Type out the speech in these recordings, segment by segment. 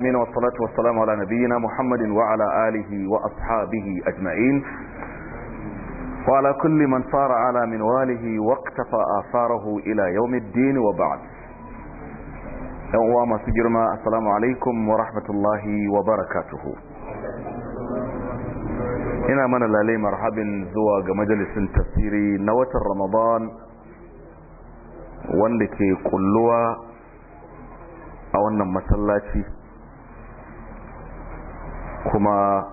من والصلاة والسلام على نبينا محمد وعلى آله وأصحابه أجمعين وعلى كل من صار على منواله واقتفى آثاره إلى يوم الدين وبعد أعوام سجرما السلام عليكم ورحمة الله وبركاته هنا من الله marhabin zuwa مجلس majalisin نوة رمضان watan ramadan wanda ke kulluwa kuma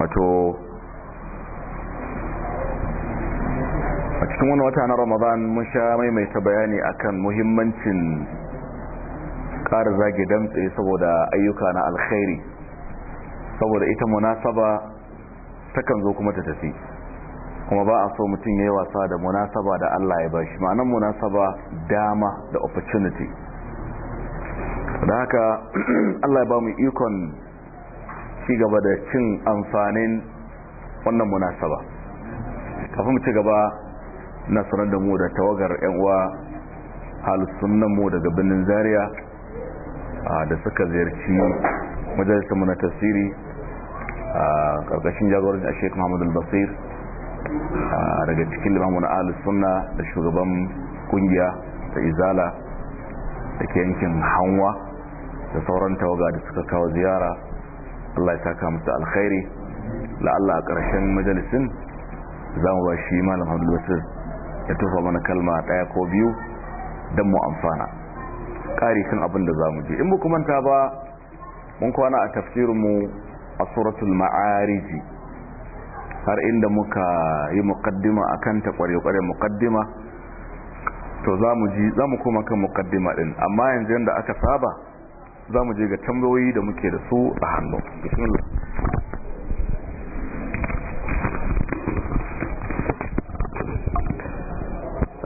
wato a cikin wani wata na ramadan mun sha maimaita bayani akan muhimmancin ƙara zage damtse saboda ayyuka na alkhairi saboda ita munasaba takan zo kuma ta tafi kuma ba a so mutum ya yi wasa da munasaba da Allah ya bashi ma'anan munasaba dama da opportunity da haka Allah ya ba mu ikon ci gaba da cin amfanin wannan munasaba kafin mu ci gaba na sanar da mu da tawagar yan uwa sunnan mu daga birnin zaria da suka ziyarci majalisar mu na tasiri a ƙarƙashin jagorin a sheik muhammadu basir daga cikin limamun ahalussunna da shugaban kungiya da izala da ke yankin hanwa da sauran tawaga da suka kawo ziyara Allah ya saka musu alkhairi la'alla a ƙarshen majalisin za mu ba shi malam Abdul Basir ya tofa mana kalma ɗaya ko biyu don mu amfana Kari kan abin da za mu in mu manta ba mun kwana a mu a suratul ma'ariji har inda muka yi muqaddima akan ta kware ƙware muqaddima to za mu ji za mu koma kan muqaddima din amma yanzu da aka saba za mu je ga tambayoyi da muke da su a hannu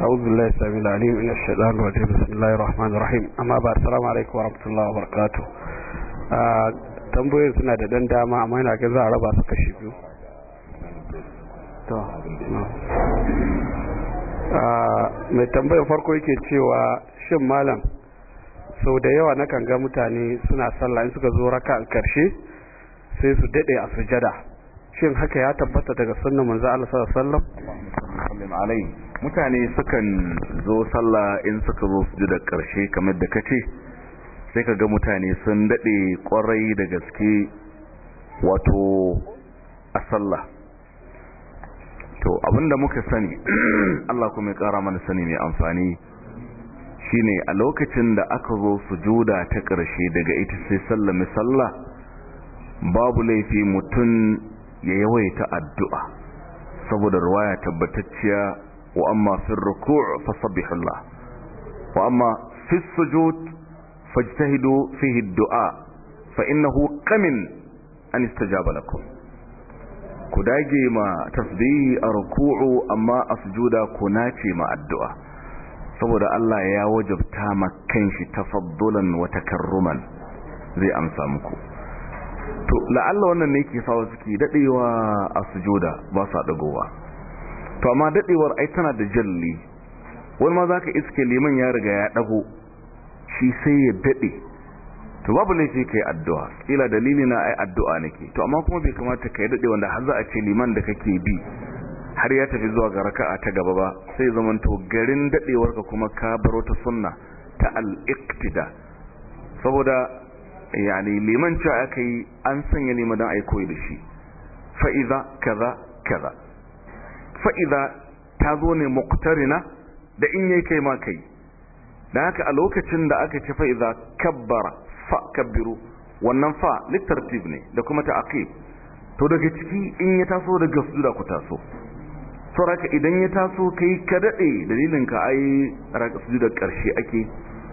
أعوذ بالله السلام العليم من الشيطان الرجيم بسم الله الرحمن الرحيم أما بعد السلام عليكم ورحمة الله وبركاته tambayoyin سنة da داما dama amma yana ga za a raba su kashi biyu to mai tambayar sau da yawa na kan ga mutane suna sallah in suka zo raka a karshe sai su daɗe a sujada shin haka ya tabbata daga sunnan manzo Allah sallallahu alaihi mutane sukan zo sallah in suka zo da ƙarshe kamar da kace sai ka ga mutane sun daɗe kwarai da gaske wato a sallah to abinda muka sani Allah kuma ya kara mana sani mai amfani shine a lokacin da aka zo sujuda ta ƙarshe daga ita sai sallami sallah babu laifi mutum ya yawaita addu'a saboda ruwaya tabbatacciya wa amma fi ruku' fa sabbihullah wa amma fi sujud fa fihi fi hiddu’a fa hu kamin an istajaba lakum ku dage ma tasbihi a ruku'u amma a sujuda ku nace ma addu'a saboda Allah ya wajabta makan shi tafaddulan wa takarruman zai amsa muku to la'alla wannan ne yake sawa suke dadewa a sujuda ba sa dagowa to amma dadewar ai tana da jalli wani ma zaka iske liman ya riga ya dago shi sai ya dade to babu ne sai kai addu'a kila dalili na ai addu'a nake to amma kuma bai kamata kai dade wanda har za a ce liman da kake bi har ya tafi zuwa ga raka'a ta gaba ba sai zaman to garin ka kuma ka baro ta sunna ta al-iqtida saboda yani liman cewa aka yi an sanya liman dan ai koyi da shi fa idza kaza kaza fa idza ta zo ne muqtarina da in yayi kai ma kai dan haka a lokacin da aka ce fa idza kabbara fa kabbiru wannan fa littartib ne da kuma ta aqib to daga ciki in ya taso daga sujuda ku taso sauraka idan ya taso kai ka daɗe dalilin ka ai su da ƙarshe ake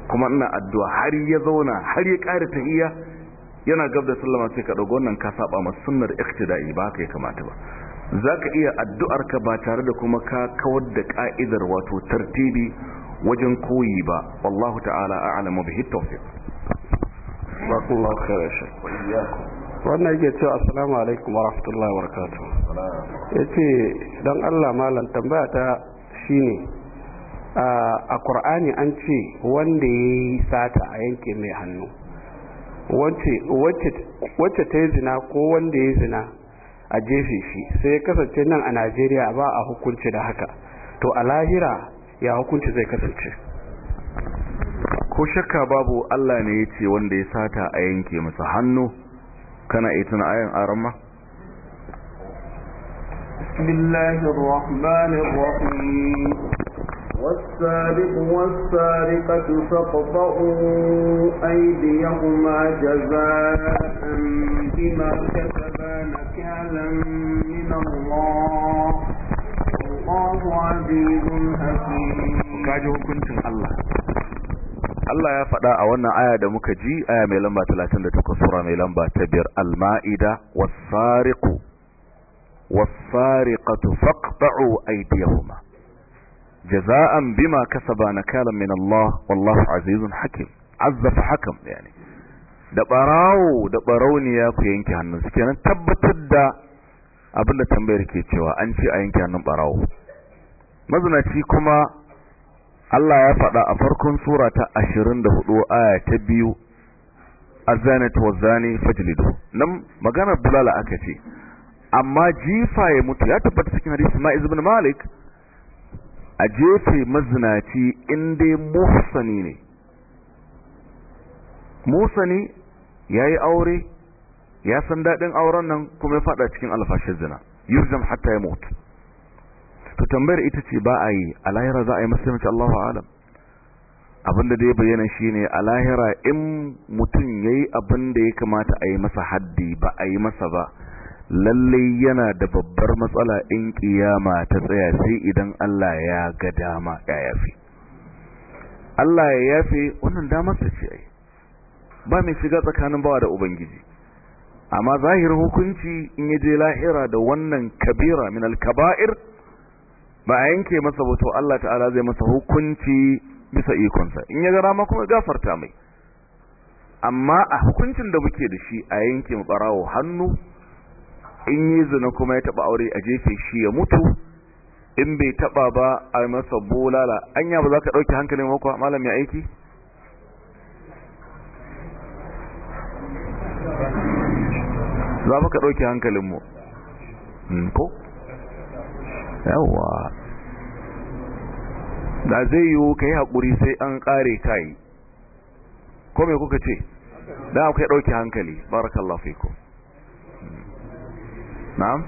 kuma ina addu'a har ya zauna har ya ƙara iya yana gab da sallama sai ka wannan ka saba ma sunnar iktida'i ba ka ya kamata ba za ka iya addu'ar ka ba tare da kuma ka kawar da ƙa'idar wato tartibi wajen koyi ba wallahu ta'ala a'lamu bihi wannan yake cewa assalamu alaikum wa rahmatullahi wa barakatuh ya ce don allah malam tambaya ta shine a ƙur'ani an ce wanda ya yi sata a yanke mai hannu wacce ta yi zina ko wanda ya yi zina a jefe shi sai ya kasance nan a najeriya ba a hukunci da haka to a lahira ya hukunci zai kasance ko shakka babu allah ne ya ce wanda ya sata a yanke masa hannu كان ايتنا آية tuna ارمى بسم الله الرحمن الرحيم والسارق والسارقة فاقطعوا أيديهما جزاء بما كسبا نكالا من الله الله عزيز حكيم كاجو كنت الله Allah ya faɗa a wannan aya da muka ji aya mai lamba 38 sura mai lamba ta biyar al-ma'ida was-sariqu was-sariqatu faqta'u aydiyahuma jaza'an bima kasaba nakalan min Allah wallahu azizun hakim azza fa hakam yani da barawo da ya ku yanke hannun su kenan tabbatar da abinda tambayar ke cewa an ce a yanke hannun barawo mazinaci kuma Allah ya faɗa a farkon sura ta 24 aya ta biyu azanat wa zani fajlidu nan magana bulala aka ce amma jifa ya mutu ya tabbata cikin hadisi Ma'iz ibn Malik a jefe mazinaci in dai musani ne ya yi aure ya san daɗin auren nan kuma ya faɗa cikin alfashin zina yurjam hatta ya mutu to tambayar ita ce ba a yi a lahira za a yi musulunci Allahu alam abinda da ya bayyana shi ne a lahira in mutum yayi abin da ya kamata a yi masa haddi ba a yi masa ba lalle yana da babbar matsala in kiyama ta tsaya sai idan Allah ya ga dama ya yafi Allah ya yafi wannan damar ta ce ai ba mai shiga tsakanin bawa da ubangiji amma zahir hukunci in yaje lahira da wannan kabira min al-kaba'ir ba a yanke masa ba to Allah ta'ala zai masa hukunci bisa ikonsa in ya gara ma kuma gafarta mai amma a hukuncin da muke da shi a yanke mu barawo hannu in yi zina kuma ya taba aure a jefe shi ya mutu in bai taba ba a masa bolala anya ba za ka dauki hankalin makwa malam ya aiki za ka dauki hankalin mu hmm, ko yawa da zai yi ka yi haƙuri sai an ƙare kayi ko mai kuka ce da akwai ɗauki hankali barakallahu fiku na'am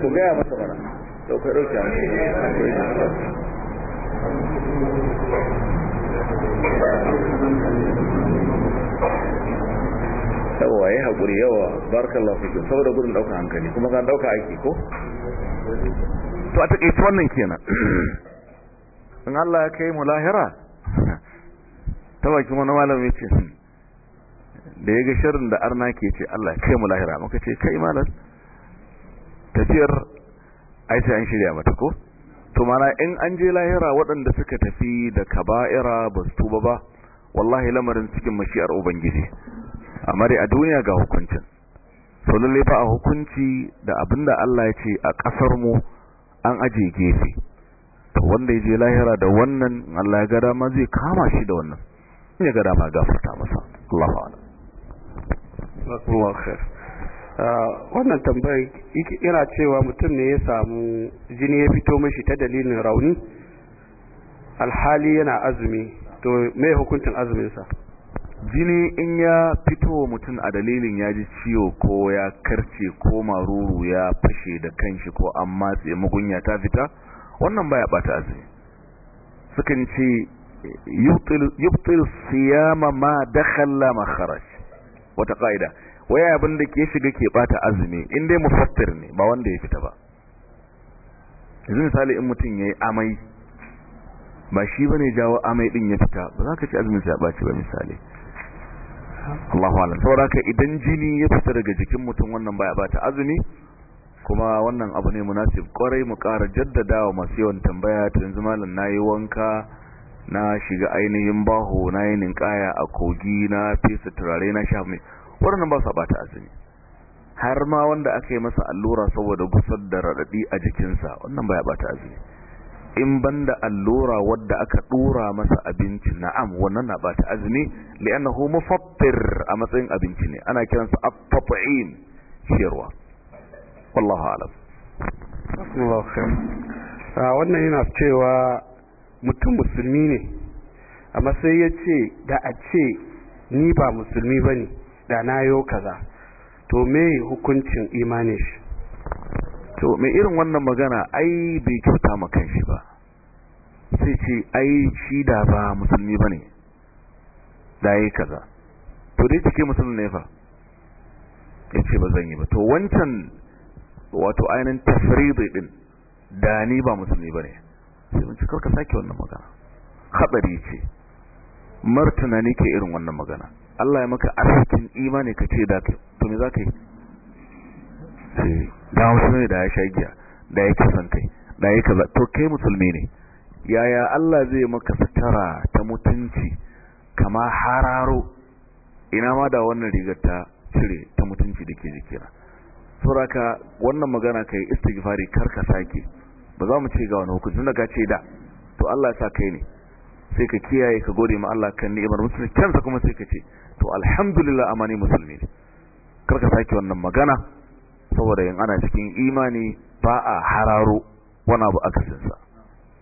ku gaya masa bara ɗauki ɗauki hankali yawa ya haƙuri yawa barakallahu fikum saboda gudun ɗaukar hankali kuma ga ɗauka aiki ko to a taƙaice wannan kenan in Allah ya kai mu lahira ta bakin wani malami ce hmm, da ya ga shirin da arna ke ce Allah ya kai mu lahira maka ce kai malam tafiyar ai sai an shirya mata ko to mana in an je lahira waɗanda suka tafi da kaba'ira ba su tuba ba wallahi lamarin cikin mashi'ar ubangiji amma dai a duniya ga hukuncin so lalle ba a hukunci da abinda Allah ya ce a kasar mu an aje gefe to wanda ya je lahira da wannan Allah ya gada ma zai kama shi da wannan ya gada ma gafarta masa Allahu a'lam ah, wannan tambayar yana cewa mutum ne ya samu jini ya fito mashi ta dalilin rauni alhali yana azumi to me hukuncin azumin sa jini in ya fito wa mutum a dalilin ya ji ciwo ko ya karce ko maruru ya fashe da kanshi ko an matse mugunya ta fita wannan baya bata azumi sukan ce yubtil siyama ma dakhala ma kharaj wata kaida waya abin da ke shiga ke bata azumi in dai mufattir ne ba wanda ya fita ba yanzu misali in mutum yayi amai ba shi bane jawo amai din ya fita ba za ka ci azumin sa ya baci ba misali Allahu alam saboda idan jini ya fita daga jikin mutum wannan baya bata azumi kuma wannan abu ne munasib kwarai mu ƙara jaddadawa masu yawan tambaya ta yanzu malam nayi wanka na shiga ainihin baho na yi ninkaya a kogi na fesa turare na sha mai waɗannan ba su bata azumi har ma wanda aka yi masa allura saboda gusar da raɗaɗi a jikinsa wannan baya bata azumi in banda allura wadda aka dora masa abinci na'am wannan na bata azumi li'annahu mufattir a matsayin abinci ne ana kiransa at-tat'im shirwa wallahu a'lam wannan yana cewa mutum musulmi ne amma sai ya ce da a ce ni ba musulmi bane da na yo kaza to me hukuncin imanin shi to mai irin wannan magana ai bai kyauta ma kanshi ba sai ce ai shi da ba musulmi bane da yayi kaza to dai cike musulmi ne fa yace ba zan yi ba to wancan wato ainin tafridi din da ni ba musulmi bane sai mun ci ka sake wannan magana hadari ce martana ne ke irin wannan magana Allah ya maka arzikin imani ka ce da to me ka yi da eh, wasu ne da ya sha giya da ya kisan kai da ya kaza to kai musulmi ne yaya Allah zai maka sutura ta mutunci kama hararo ina ma da wannan rigar ta cire ta mutunci da ke jikira suraka wannan magana ka yi istighfari kar ka sake ba za mu ce ga wani hukunci tun da ka ce da to Allah ya sa kai ne sai ka kiyaye ka gode ma Allah kan ni'imar musulmi kansa kuma sai ka ce to alhamdulillah amani musulmi ne kar ka sake wannan magana saboda yin ana cikin imani ba a hararo wani abu akasinsa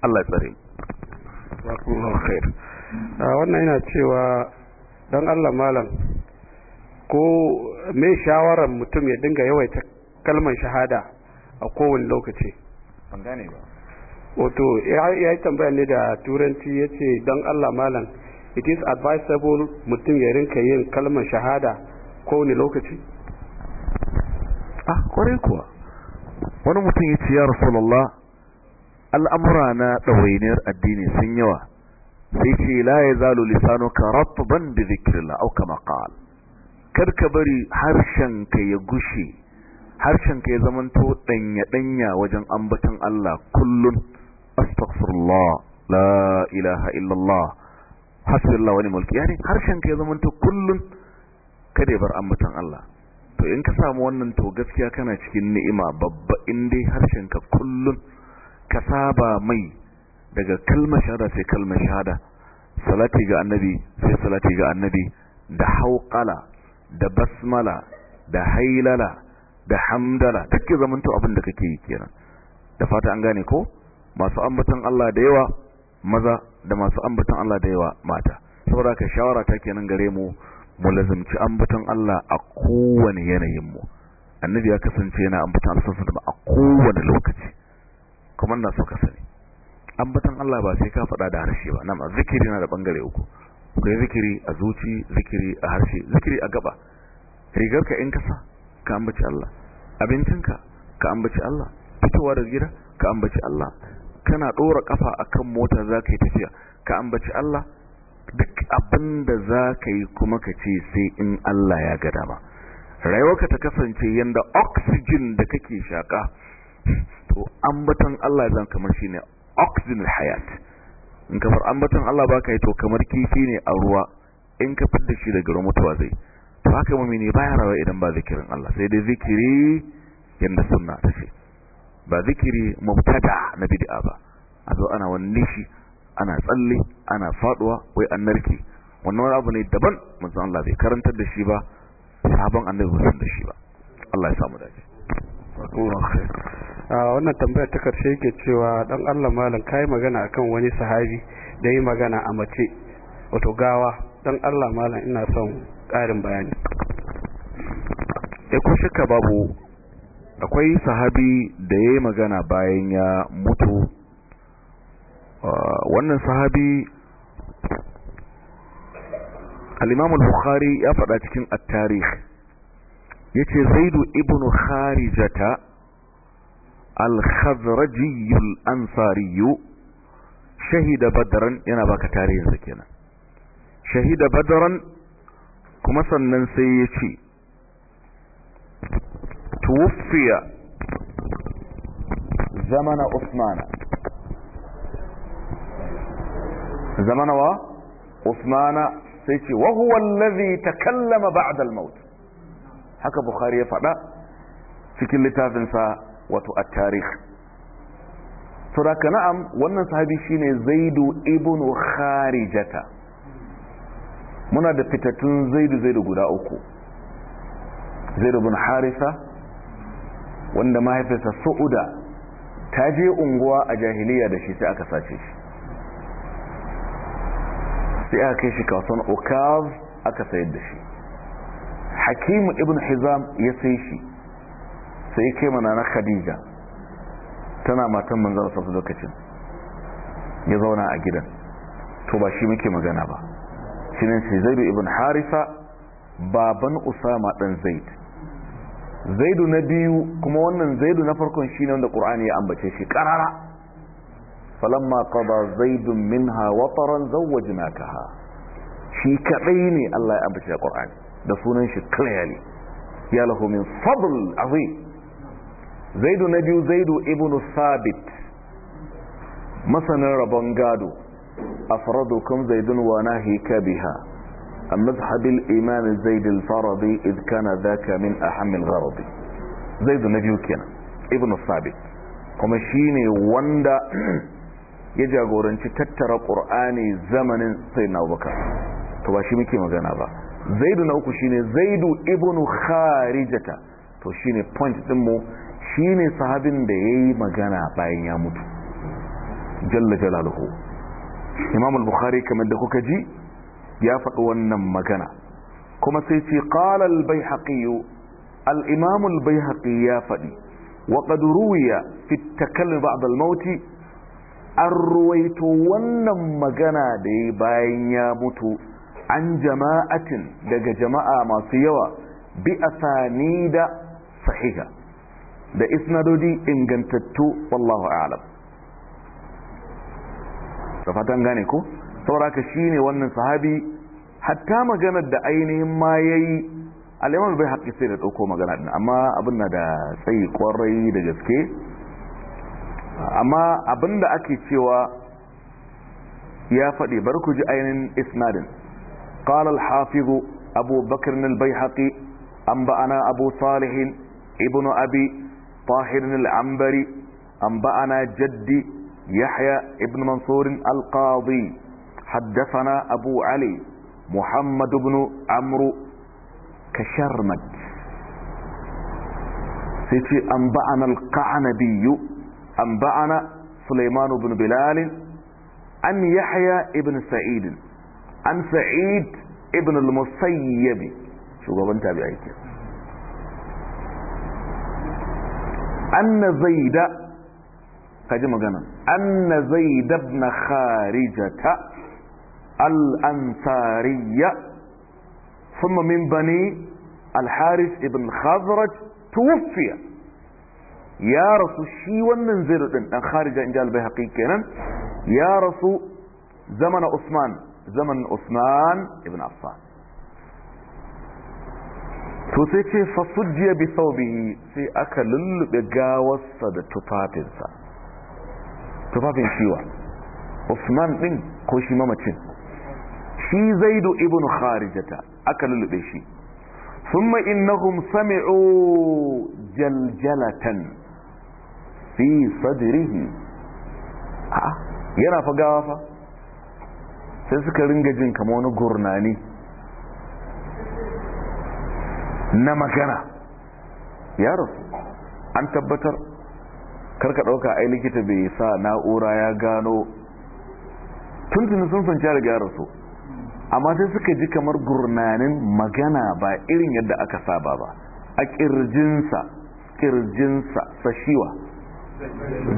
Allah tsare khair wannan yana cewa don Allah malam ko me shawarar mutum ya dinga yawaita kalmar shahada a kowane lokaci ban gane ba wato ya yi tambaya ne da turanci ya ce don Allah malam it is advisable mutum ya rinka yin kalmar shahada kowane lokaci a ah, kwarai kuwa wani mutum ya ce ya rasulallah al'amura na ɗawainiyar addini sun yawa sai ce la ya zalo lisano ka ban da zikirla auka makal karka bari harshenka ya gushe harshenka ya zamanto ɗanya-ɗanya wajen ambatan Allah kullum astaghfirullah la ilaha illallah hasbiyallah wani mulki yani harshenka ya zamanto kullum kada ya bar ambatan Allah to in ka samu wannan to gaskiya kana cikin ni'ima babba in dai harshen ka kullum ka saba mai daga kalmar shahada sai kalmar shahada salati ga annabi sai salati ga annabi da hauqala da basmala da hailala da hamdala take to abin da kake yi kenan da fata an gane ko masu ambaton Allah da yawa maza da masu ambaton Allah da yawa mata saboda ka shawara ta kenan gare mu mu lazumci ambaton Allah a kowane yanayin mu annabi ya kasance yana ambaton Allah sallallahu a kowane lokaci kuma na so ka sani ambaton Allah ba sai ka faɗa da harshe ba nan zikiri na da bangare uku kai zikiri a zuci zikiri a harshe zikiri a gaba ka in kasa ka ambaci Allah abincinka ka ambaci Allah fitowa da gida ka ambaci Allah kana dora kafa akan mota zaka yi tafiya ka ambaci Allah duk abin da za ka yi kuma ka ce sai in Allah ya ga dama ka ta kasance yadda oxygen da kake shaƙa to ambaton Allah zan kamar shine oxygen hayat in kamar ambaton Allah ba ka yi to kamar kifi ne a ruwa in ka da shi daga ruwa mutuwa zai to haka ba baya rawa idan ba zikirin Allah sai dai zikiri yadda sunna ta ce ba zikiri mubtada na bid'a ba a zo ana wani nishi ana tsalle ana faduwa wai an narke wannan wani abu ne daban manzon Allah bai karantar da shi ba sabon annabi ba san da shi ba Allah ya samu dace wannan tambayar ta karshe yake cewa dan Allah malam kai magana akan wani sahabi da yi magana a mace wato gawa dan Allah malam ina son ƙarin bayani eh, ko shakka babu akwai sahabi da yayi magana bayan ya mutu wannan sahabi al-imam al-bukhari ya faɗa cikin at-tarikh yace zaid ibnu kharijata al-khazraji al-ansari shahida badran yana baka tarihin sa kenan shahida badran kuma sannan sai yace tuwfiya zamana usmana Zamanawa wa usmana sai ce wa ta kallama ba a maut haka bukhari ya faɗa cikin littafin sa wato at-tarikh na'am wannan sahabi shine zaidu ibn kharijata muna da fitattun zaidu zaidu guda uku zaidu bin harisa wanda mahaifinsa su'uda ta je unguwa a jahiliya da shi sai aka sace shi sai aka kai shi kasuwan okaz aka sayar da shi hakimu ibn hizam ya sai shi sai kai mana na khadija tana matan manzo sa lokacin ya zauna a gidan to ba shi muke magana ba shi ne shi zaidu ibn harisa baban usama dan zaid zaidu na biyu kuma wannan zaidu na farkon shi ne wanda ƙur'ani ya ambace shi ƙarara falamma qada zaidun minha wataran zawwajnakaha shi kadai ne Allah ya ambace Qur'ani da sunan shi clearly ya lahu fadl azim zaidu na biyu zaidu ibnu sabit masanin rabon gado afradukum zaidun wa nahika biha المذهب الإمام زيد الفرضي إذ كان ذاك kenan, أهم Sabit, kuma shi ne wanda ya jagoranci tattara qur'ani zamanin na abubakar to ba shi muke magana ba zaidu na uku shine zaidu ibnu kharijata to shine point din mu shine sahabin da yayi magana bayan ya mutu jalla jalaluhu imam al-bukhari kamar da kuka ji ya faɗi wannan magana kuma sai ce qala al-baihaqi al-imam al-baihaqi ya faɗi wa qad fi at al-mauti an ruwaito wannan magana da ya bayan ya mutu an jama'atin daga jama'a masu yawa bi Sani da sahiha da isnadodi ingantattu wallahu a'lam da fatan gane ko sauraka shine wannan sahabi hatta maganar da ainihin ma yayi yi bai haƙi sai da ɗauko magana amma abin na da tsaye ƙwarai da gaske amma abinda ake cewa ya faɗi bar ku ji ainihin isnadin ƙalal hafizu abubakar nil bai haƙi an ba'ana abu ibn abi tahir nil ambari an jaddi yahya ibn al alƙazi haddasana abu ali muhammadu ibn amru kasharmat mad sai ce an ba'ana أنبأنا سليمان بن بلال عن يحيى ابن سعيد عن سعيد ابن المسيب شو قبل تابعي أن زيد قد مجانا أن زيد بن خارجة الأنصارية ثم من بني الحارث ابن خزرج توفي ya rasu shi wannan zairu din dan kharija inji bai haƙi kenan ya rasu zamanin usman zaman usman ibn affan to sai ce fasujiya bi thawbihi sai aka lullube gawarsa da tufafinsa tufafin shiwa usman ɗin ko shi mamacin shi zaidu ibn kharijata aka lullube shi ثم إنهم سمعوا جلجلة fi sadrihi a yana fagawa gawa fa sai suka ringa jin kama wani gurnani na magana ya rasu an tabbatar karka ɗauka ai likita bai sa na'ura ya gano tuntun sun sanci da ya rasu amma sai suka ji kamar gurnanin magana ba irin yadda aka saba ba a ƙirjinsa ƙirjinsa sashiwa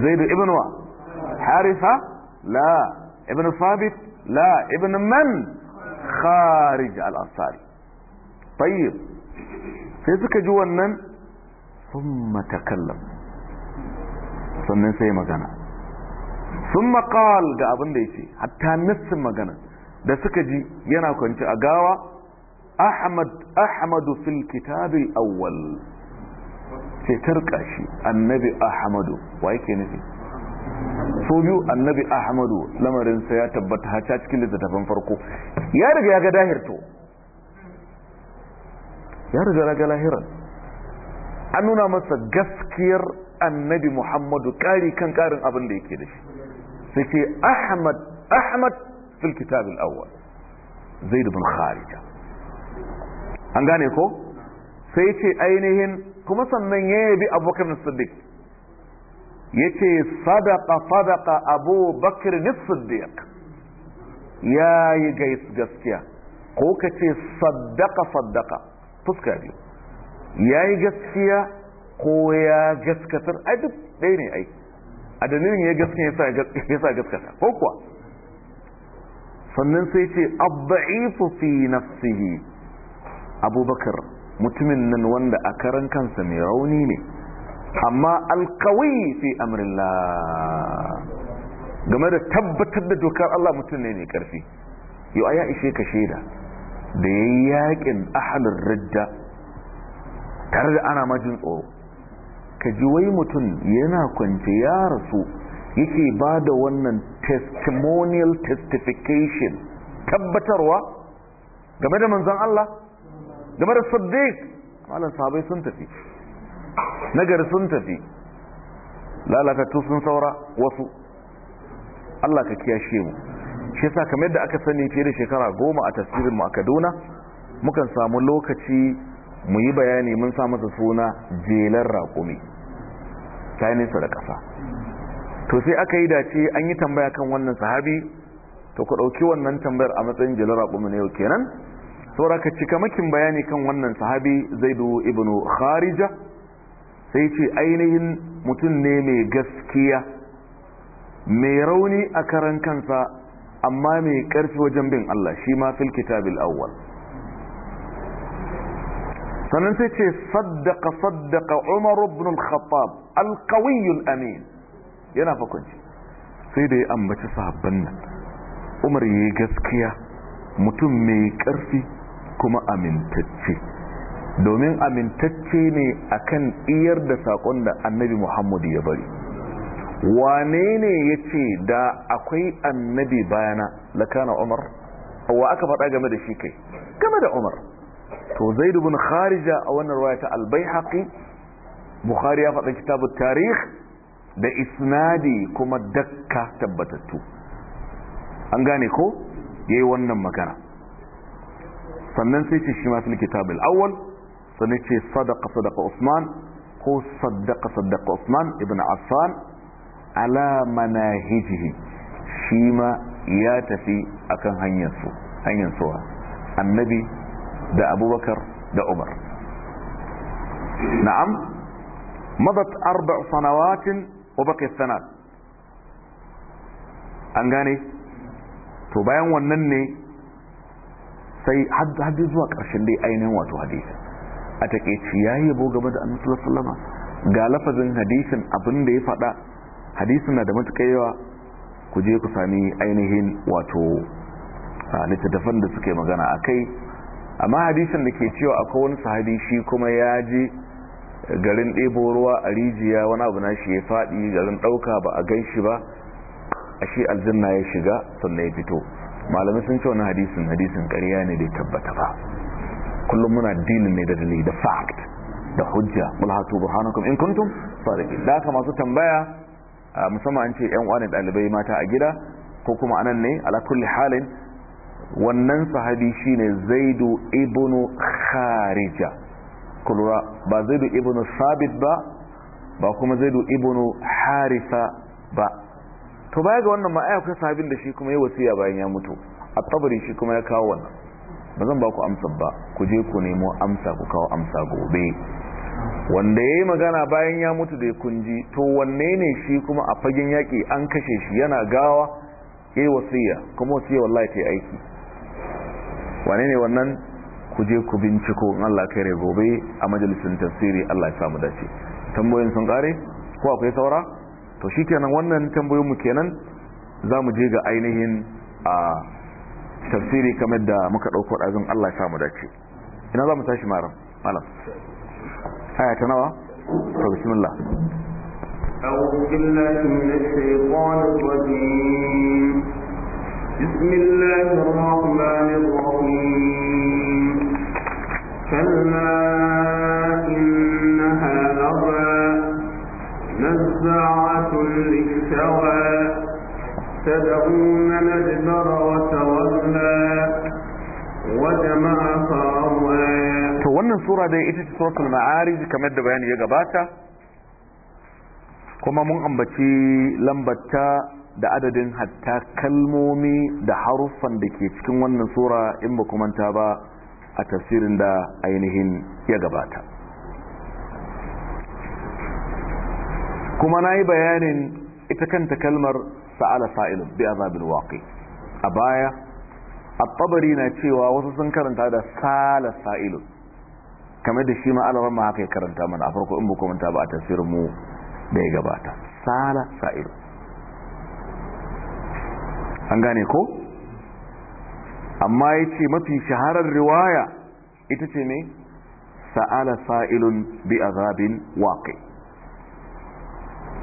زيد ابن و حارثة لا ابن ثابت لا ابن من خارج الأنصار طيب sai suka ji wannan sun matakallam sannan sai magana sun makawal ga abin da ya ce hatta nassin magana da suka ji yana kwance a gawa ahmadu fil kitabil awwal sai tarka shi annabi ahmadu wa yake nufi so biyu annabi ahmadu lamarinsa ya tabbata haca cikin littattafan farko ya riga ya ga dahirto ya riga ya ga lahiran an nuna masa gaskiyar annabi muhammadu ƙari kan ƙarin abin da yake da shi sai ce ahmad ahmad fil kitab al-awwal zaid bin an gane ko sai ce ainihin kuma sannan ya yabi abubakar siddiq ya ce sadaka sadaka abubakar siddiq ya yi gaskiya ko ka ce sadaka sadaka fuska biyu ya yi gaskiya ko ya gaskatar a duk ɗaya ne ai a dalilin ya gaskiya ya sa gaskata ko kuwa sannan sai ce abba'ifu fi nafsihi abubakar mutumin nan wanda a karan kansa mai rauni ne amma alkawai fi la. game da tabbatar da dokar Allah mutum ne mai karfi yau ya ishe ka shaida da ya yi yaƙin ahalin rida tare da ana majin tsoro ka ji wai mutum yana kwance ya rasu yake ba da wannan testimonial testification tabbatarwa game da manzan Allah da da saddiq malam sahabai sun tafi nagari sun tafi lalatattu sun saura wasu Allah ka kiyashe mu shi yasa kamar yadda aka sani fiye da shekara goma a tasirin mu a Kaduna mukan samu lokaci mu yi bayani mun sa masa suna jelar raƙumi ta yi nesa da ƙasa to sai aka yi dace an yi tambaya kan wannan sahabi to ku ɗauki wannan tambayar a matsayin jelar raƙumi na yau kenan ka cika makin bayani kan wannan sahabi zaidu ibn kharija sai ce ainihin mutum ne mai gaskiya mai rauni a karan kansa amma mai karfi wajen bin Allah shi ma fil kitabil awwal sanan sai ce saddaqa saddaqa umar ibn al-khattab al qawi al-amin yana fakunci sai dai ambaci sahabban nan umar yayi gaskiya mutum mai karfi kuma amintacce domin amintacce ne akan iyar da sakon da annabi muhammadu ya bari wane ne ya ce da akwai annabi bayana lakana umar wa aka faɗa game da shi kai game da umar to zaidu bin kharija a wannan ruwaya ta albayhaqi bukhari ya faɗa kitabut tarih da isnadi kuma dakka tabbatattu an gane ko yayi wannan magana sannan sai ce shi ma fil kitab awwal sannan ce sadaqa sadaqa Usman ko sadaqa sadaqa Usman ibn Affan ala manahijihi shi ma ya tafi akan hanyar su hanyar suwa annabi da Abubakar da Umar na'am madat arba' sanawatin wa baqi sanad an gane to bayan wannan ne sai haddi zuwa ƙarshen dai ainihin wato hadisi a takeici ya yi yabo game da annabi sallama ga lafazin hadisin abin ya faɗa hadisin na da matuƙar yawa ku je ku sami ainihin wato littattafan da suke magana a kai amma hadisin da ke cewa akwai wani sahabi shi kuma ya je garin ɗebo ruwa a rijiya wani abu na shi ya faɗi garin ɗauka ba a gan shi ba ashe aljanna ya shiga sannan ya fito malamai sun ce wani hadisin hadisin ƙarya ne da tabbata ba kullum muna dilin ne da dalili da fact da hujja mulhatu burhanakum in kuntum sadiqin da aka masu tambaya musamman an ce yan uwan dalibai mata a gida ko kuma anan ne ala kulli halin wannan sahabi shine zaidu ibnu kharija kulura ba zaidu ibnu sabit ba ba kuma zaidu ibnu harisa ba to baya ga wannan ma ai sahabin da shi kuma ya wasiya bayan ya mutu a tsabari shi kuma ya kawo wannan ba zan ba ku amsa ba ku je ku nemo amsa ku kawo amsa gobe wanda ya yi magana bayan ya mutu da ya kunji to wanne ne shi kuma a fagen yaƙi an kashe shi yana gawa ya yi wasiya kuma wasiya wallahi ta yi aiki wane ne wannan ku je ku binciko in Allah kai gobe a majalisun tafsiri Allah ya samu dace tambayoyin sun kare ko akwai saura to shi kenan wannan mu kenan za mu je ga ainihin a tafsiri kamar da muka ɗauko ɗazin Allah ya samu dace ina za mu tashi maram malam aya ta nawa to bismillah أعوذ بالله من الشيطان الرجيم بسم الله الرحمن الرحيم كلا للشوى تدعون الأدبر وتولى وجمع wannan sura dai ita ce suratul ma'arij kamar da bayani ya gabata kuma mun ambaci lambata da adadin hatta kalmomi da haruffan da ke cikin wannan sura in ba ta ba a tafsirin da ainihin ya gabata kuma na yi bayanin ita kanta kalmar sa'ala fa’ilu bi azabin waƙi a baya a tabari na cewa wasu sun karanta da sa'ala fa’ilu kamar da shi ma'alarar ma haka ya karanta mana a farko in bukumanta ba a tasirin mu da ya gabata sa'ala fa’ilu an gane ko amma ya ce mafi shaharar riwaya ita ce ne sa'ala fa'ilun bi azabin waƙi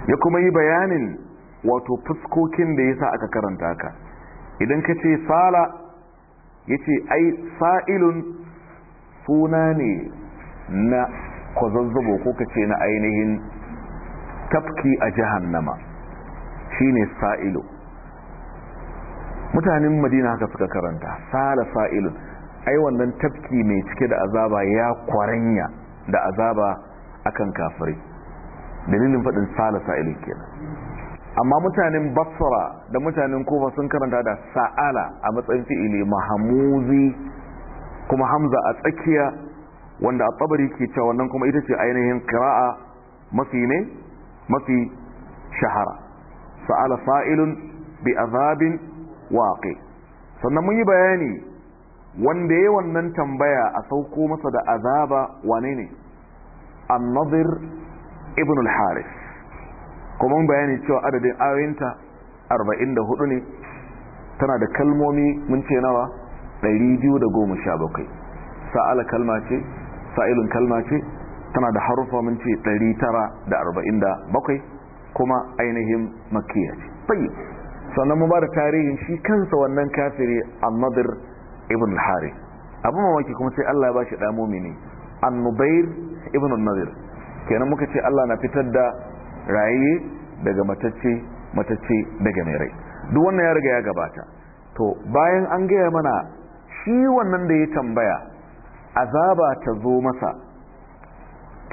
ya kuma yi bayanin wato fuskokin da ya sa aka karanta ka idan ka ce sala ce ai sa'ilun suna ne na kwazazzabo ko ka ce na ainihin tafki a Shi ne sa'ilu mutanen madina haka suka karanta sala sa'ilun ai wannan tafki mai cike da azaba ya kwaranya da azaba akan kafirai dalilin faɗin salasa ilin kenan amma mutanen basra da mutanen kofa sun karanta da sa'ala a matsayin fi'ili mahamuzi kuma hamza a tsakiya wanda a tsabari ke cewa wannan kuma ita ce ainihin kira'a mafi ne mafi shahara sa'ala fa'ilun bi azabin waƙe sannan mun yi bayani wanda ya wannan tambaya a sauko masa da azaba wane ne annazir ibn al-haris kuma mun bayani cewa adadin ayoyinta 44 ne tana da kalmomi mun ce nawa 217 sa'al kalma ce sa'ilun kalma ce tana da harufa mun ce 947 kuma ainihin makiya ce bai sannan mu ba da tarihin shi kansa wannan kafiri annadir ibn al-haris abu mamaki kuma sai Allah ya bashi da mumini annubair ibn al-nadir kenan muka ce Allah na fitar da raye daga matacce matacce daga mai rai duk wannan ya riga ya gabata to bayan an gaya mana shi wannan da ya tambaya azaba ta zo masa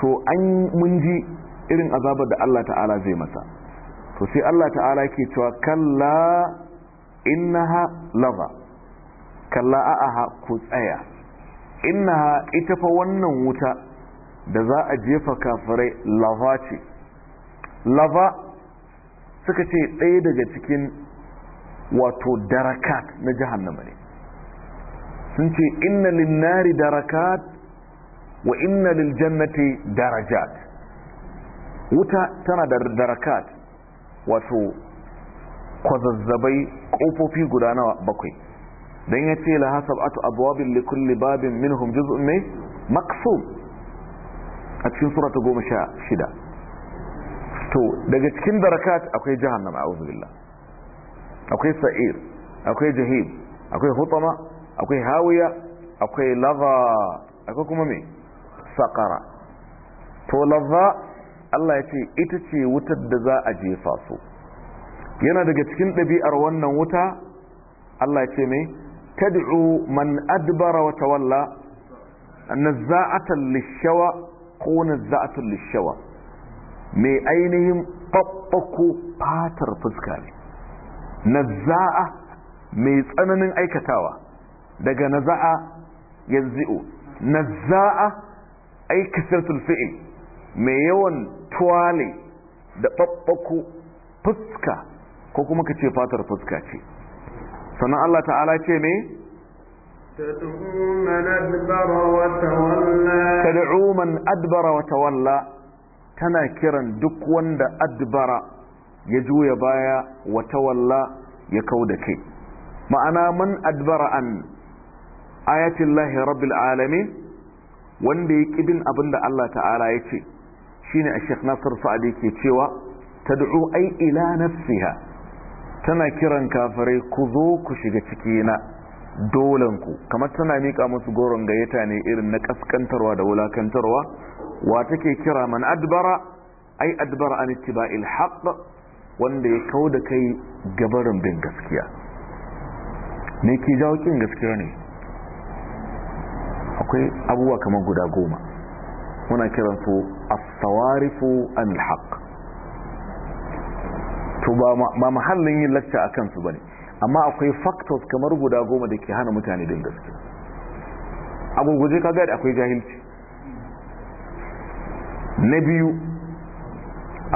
to an mun ji irin azabar da Allah ta'ala zai masa to sai Allah ta'ala ke cewa kalla innaha lava kalla a'aha ku tsaya innaha ita fa wannan wuta da za a jefa kafirai lava ce lava suka ce ɗaya daga cikin wato darakat na jahannama ne sun ce inna linnari darakat wa inna liljannati darajat wuta tana da darakat wato kwazazzabai ƙofofi guda nawa bakwai don ya ce la hasabatu abwabin likulli babin minhum juz'un ne maksum a cikin sura ta goma sha shida to daga cikin darakat akwai jahannama a'udhu akwai sa'ir akwai jahim akwai hutama akwai hawiya akwai lava akwai kuma me sakara to lava Allah ya ce ita ce wutar da za a jefa su yana daga cikin ɗabi'ar wannan wuta Allah ya ce mai tad'u man adbara wa tawalla nazza'atan lishawa ko na za'atun lishawa mai ainihin ɓaɓɓako fatar fuska ne na za'a mai tsananin aikatawa daga na za'a yanzu na za'a aikatar tulfi'i mai yawan tuwale da ɓaɓɓako fuska ko kuma ka ce fatar fuska ce sannan Allah ta'ala ce mai تدعو adbara wa وتولى تدعو kiran duk wanda كان ya juya baya wa يجو ya وتولى يكودكي ma'ana man adbara an ayatullahi lahi rabbil alamin wanda ya bin abinda Allah ta'ala ya ce shi ne a shek nasar sa'adi ke cewa ta du'u ai ila nafsiha tana kiran kafirai ku zo ku shiga cikina dolanku kamar tana mika musu goron gayyata ne irin na kaskantarwa da wulakantarwa wa take kira man adbara ai adbara an ittiba'il haqq wanda ya da kai gabarin bin gaskiya Ne ke jawo kin gaskiya ne akwai abubuwa kamar guda goma muna kiransu as-sawarifu an haqq to ba mahallin yin lacca akan su bane amma akwai factors kamar guda goma da ke hana mutane din gaske a gurguje kaga akwai jahilci na biyu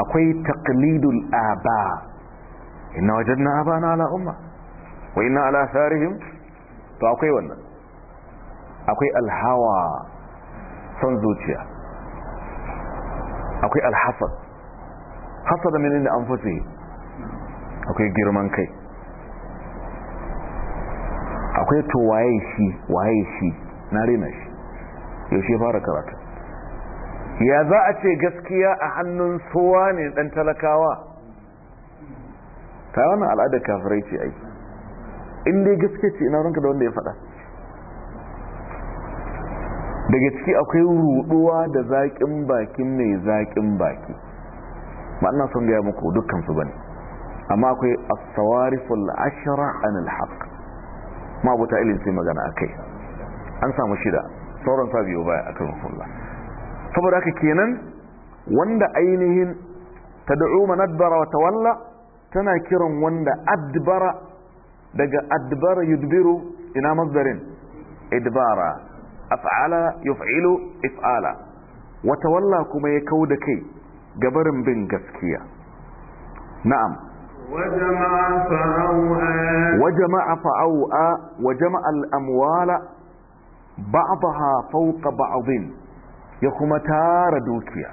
akwai taklidul aba wajen na aba na umma wa ina ala tharihim to akwai wannan akwai alhawa son zuciya akwai alhasad hasada mini da an fusi akwai girman kai akwai to waye shi waye shi na rena shi yaushe fara karatu ya za a ce gaskiya a hannun suwa ne dan talakawa ta wani al'ada kafirai ce ai Inda gaske ce ina ranka da wanda ya faɗa daga ciki akwai ruduwa da zaƙin bakin mai zaƙin baki ma'ana son gaya muku dukkan su bane amma akwai as-sawariful ashra anil haqq ta ilin sai magana akai an samu shida sauran sa biyo baya akan rasulullah saboda haka kenan wanda ainihin tad'u man adbara wa tawalla tana kiran wanda adbara daga adbara yudbiru ina masdarin idbara af'ala yuf'ilu if'ala wa tawalla kuma ya da kai gabarin bin gaskiya na'am وجمع فأوعى وجمع الأموال بعضها فوق بعض ya kuma tara dukiya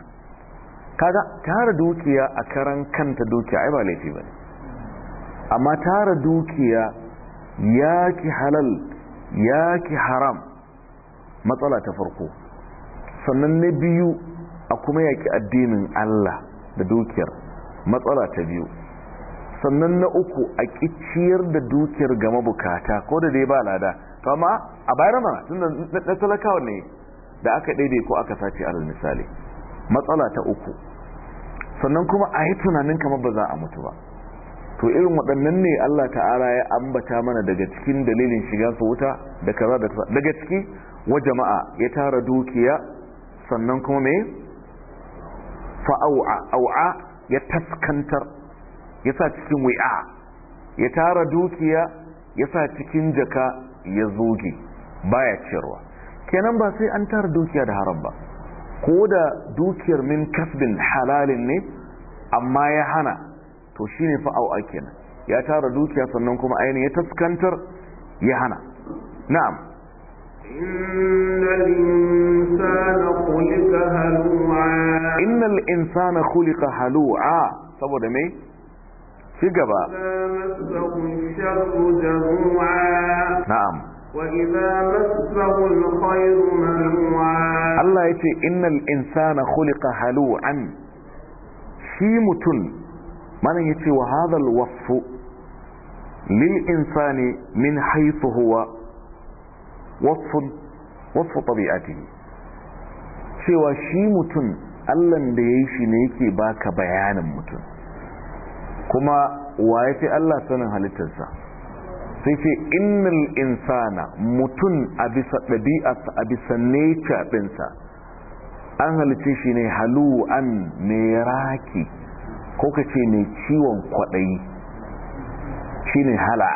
kaga tara dukiya a karan kanta dukiya ai ba laifi bane amma tara dukiya ya ki halal ya ki haram matsala ta farko sannan na biyu a kuma yaki addinin Allah da dukiyar matsala ta biyu sannan na uku a ƙiciyar da dukiyar ga mabukata ko da dai ba lada kama a bayar ma tun talakawa ne da aka daidai ko aka sace alal misali matsala ta uku sannan kuma a yi tunanin kamar ba za a mutu ba to irin waɗannan ne Allah ta'ala ya ambata mana daga cikin dalilin shiga su wuta da kaza da kaza daga ciki wa jama'a ya tara dukiya sannan kuma me fa au'a ya taskantar ya sa cikin wi'a ya tara dukiya ya sa cikin jaka ya zoge baya ciyarwa kenan ba sai an tara dukiya da haram ba ko da dukiyar min kasbin halalin ne amma ya hana to shine fa'au kenan ya tara dukiya sannan kuma ainihin ya taskantar ya hana na'am innal insana khuliqa halu'a innal insana khuliqa halu'a saboda me ci gaba na'am Allah ya ce innal insana khuliqa halu'an shi mutum manan ya ce wa hadhal wasfu lil insani min haythu huwa wasfun wasfu tabi'atihi cewa shi mutum Allah da yayi shi ne yake baka bayanin mutum kuma wa ya fi Allah sanin halittarsa sai ce innal insana mutum a bisa ɗabi'arsa a bisa nature ɗinsa an halice shi ne halu mai raki ko ka ce mai ciwon kwaɗayi shi ne hala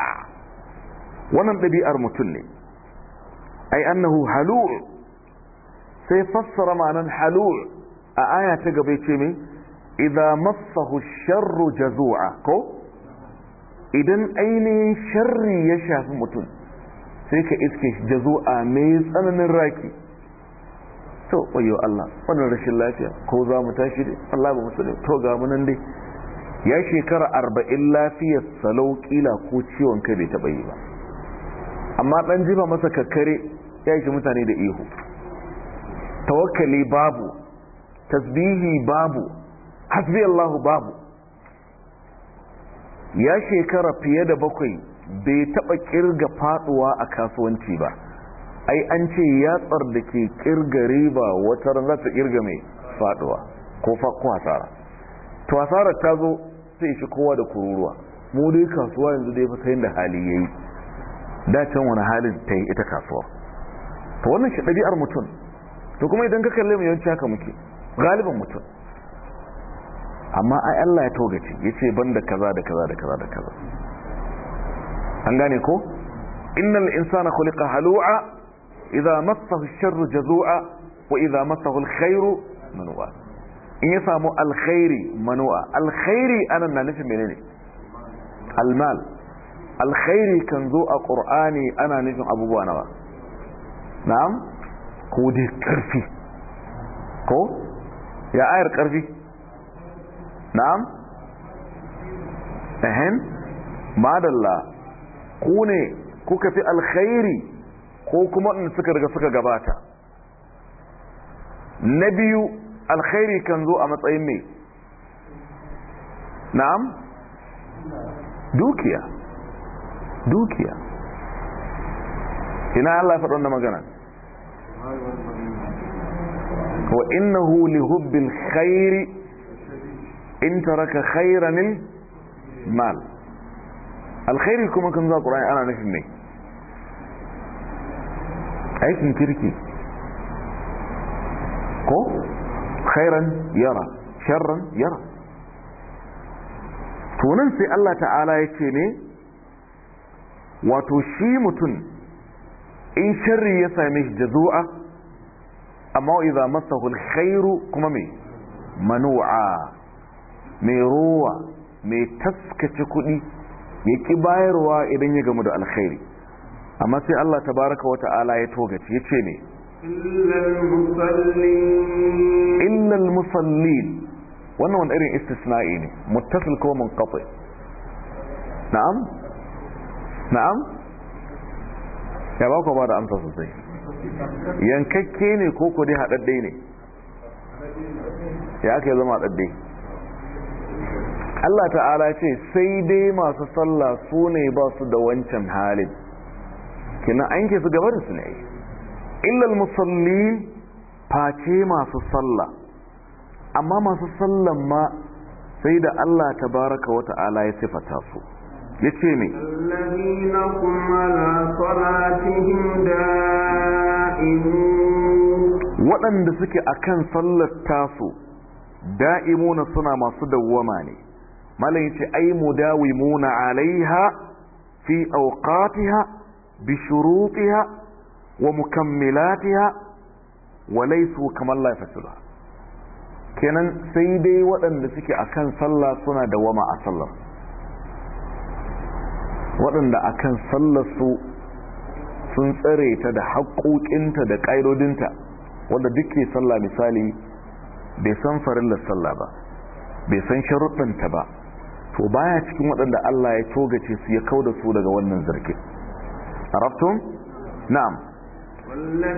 wannan ɗabi'ar mutum ne ai annahu halu' sai fassara ma'anan halu' a aya ta gaba ce mai idza massahu sharru jazua ko idan ainihin sharri ya shafi mutum sai ka iske jazua mai tsananin raki to wayo Allah wannan rashin lafiya ko za mu tashi dai Allah ba musu to ga mu nan dai ya shekara arba'in lafiyar salau kila ko ciwon kai bai taɓa yi ba amma ɗan jifa masa kakkare ya shi mutane da ihu tawakkali babu tasbihi babu hasbi Allah babu ya shekara fiye da bakwai bai taba kirga faduwa a kasuwanci ba ai an ce yatsar da ke kirga riba wata za ta kirga mai faduwa ko fakon hasara to hasarar ta zo sai shi kowa da kururuwa mu dai kasuwa yanzu dai fa da hali yayi da can wani halin ta yi ita kasuwa to wannan shi ɗabi'ar mutum to kuma idan ka kalle mu yawanci haka muke galibin mutum amma ai Allah ya togaci yace banda kaza da kaza da kaza da kaza an gane ko innal insana khuliqa halu'a idza massahu ash-sharru jazu'a wa idza massahu al-khairu manu'a in ya samu alkhairi manu'a alkhairi anan na nufin menene almal alkhairi kan zo a qur'ani ana nufin abubuwa nawa na'am ko dai karfi ko ya ayar karfi na'am ehen madalla ku ne kuka fi alkhairi ko kuma in suka riga suka gabata na biyu alkhairi kan zo a matsayin mai na'am dukiya dukiya ina Allah faɗon da magana wa innahu li hubbil khairi in taraka khairan mal alkhairi kuma kan za qur'ani ana nufin ne aikin kirki ko khairan yara sharran yara tunan sai Allah ta'ala ya ce ne wato shi mutum in sharri ya same shi jazu'a amma idza masahu alkhairu kuma me manu'a mai rowa mai taskace kuɗi ya ƙi bayarwa idan ya gamu da alkhairi amma sai Allah ta baraka wa ta'ala ya togaci ya ce ne illal musallin wannan wani irin istisna'i ne muttasil kuma mun kafa na'am na'am ya ba ku ba da amsa sosai yankakke ne ko ko dai ne ya ake zama haɗaɗɗe Allah ta'ala ce sai dai masu sallah su ne ba su da wancan halin kina an ke su gaba da su ne illal musalli face masu sallah amma masu sallan ma sai da Allah tabaraka wa ta'ala ya sifata su yace me alladhina waɗanda suke akan sallar tasu da'imuna suna masu dawwama ne malam yace ay muna alaiha fi awqatiha bi shurutiha wa mukammilatiha wa laysu kama la kenan sai dai waɗanda suke kan sallah suna wama a sallar waɗanda akan sallar su sun tsare ta da haƙoƙinta da ƙa'idodinta wanda duke sallah misali bai san farillar sallah ba bai san sharuɗanta ba to baya cikin waɗanda Allah ya togace su ya kauda su daga wannan zargin arabtum na'am sune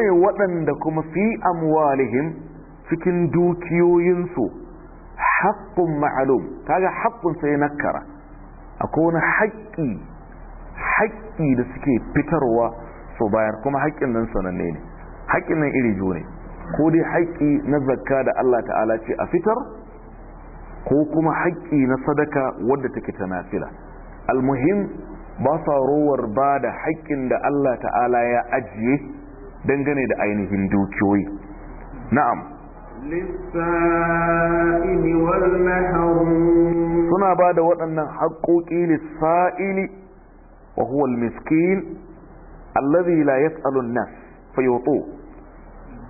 في kuma fi مألوم سورة cikin dukiyoyinsu haƙƙun ma'alum kaga haƙƙun sai nakara akwai wani haƙƙi haƙƙi da suke fitarwa su bayar kuma haƙƙin nan sananne ne haƙƙin nan iri ko dai haƙƙi na zakka da Allah ta'ala ce a fitar ko kuma haƙƙi na sadaka wadda take ta nafila almuhim ba sa rowar ba da haƙƙin da Allah ta'ala ya ajiye dangane da ainihin dukiyoyi na'am suna ba da waɗannan haƙoƙi lissa'ili wa huwa almiskin allazi la yas'alu an-nas fayutu